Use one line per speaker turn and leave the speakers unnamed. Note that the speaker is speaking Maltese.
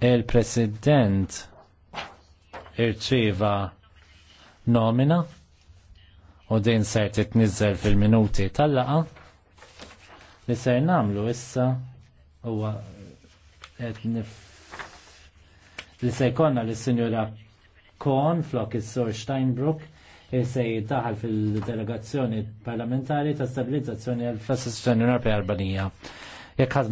il-President irċiva nomina u din ser titnizzel fil-minuti tal-laqa li ser namlu issa huwa li se jkollna li sinjura Kon flok is-Sur Steinbrook se jitaħal fil-delegazzjoni parlamentari ta' stabilizzazzjoni għal fasistjoni Europea Albanija.